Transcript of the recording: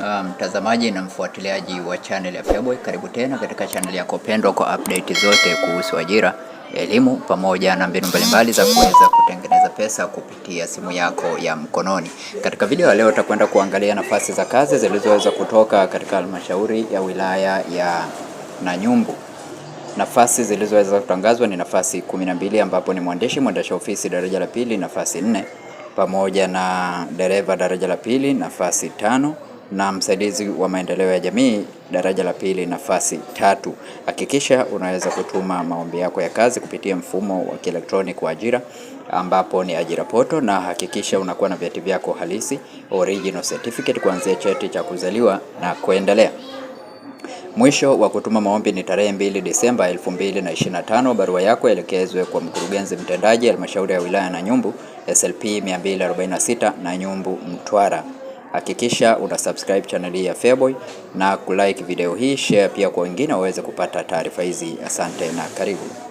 Uh, mtazamaji um, na mfuatiliaji wa channel ya FEABOY, karibu tena katika channel yako pendwa kwa update zote kuhusu ajira, elimu pamoja na mbinu mbalimbali za kuweza kutengeneza pesa kupitia simu yako ya mkononi. Katika video ya leo utakwenda kuangalia nafasi za kazi zilizoweza kutoka katika halmashauri ya wilaya ya Nanyumbu. Nafasi zilizoweza kutangazwa ni nafasi 12 ambapo ni mwandishi mwendesha ofisi daraja la pili nafasi nne, pamoja na dereva daraja la pili nafasi tano na msaidizi wa maendeleo ya jamii daraja la pili nafasi tatu. Hakikisha unaweza kutuma maombi yako ya kazi kupitia mfumo wa kielektroniki wa ajira ambapo ni ajira poto, na hakikisha unakuwa na vyeti vyako halisi original certificate kuanzia cheti cha kuzaliwa na kuendelea. Mwisho wa kutuma maombi ni tarehe 2 Disemba 2025. Barua yako elekezwe kwa mkurugenzi mtendaji halmashauri ya wilaya Nanyumbu, SLP 246 Nanyumbu, Mtwara. Hakikisha una subscribe channel hii ya Feaboy na kulike video hii, share pia kwa wengine waweze kupata taarifa hizi. Asante na karibu.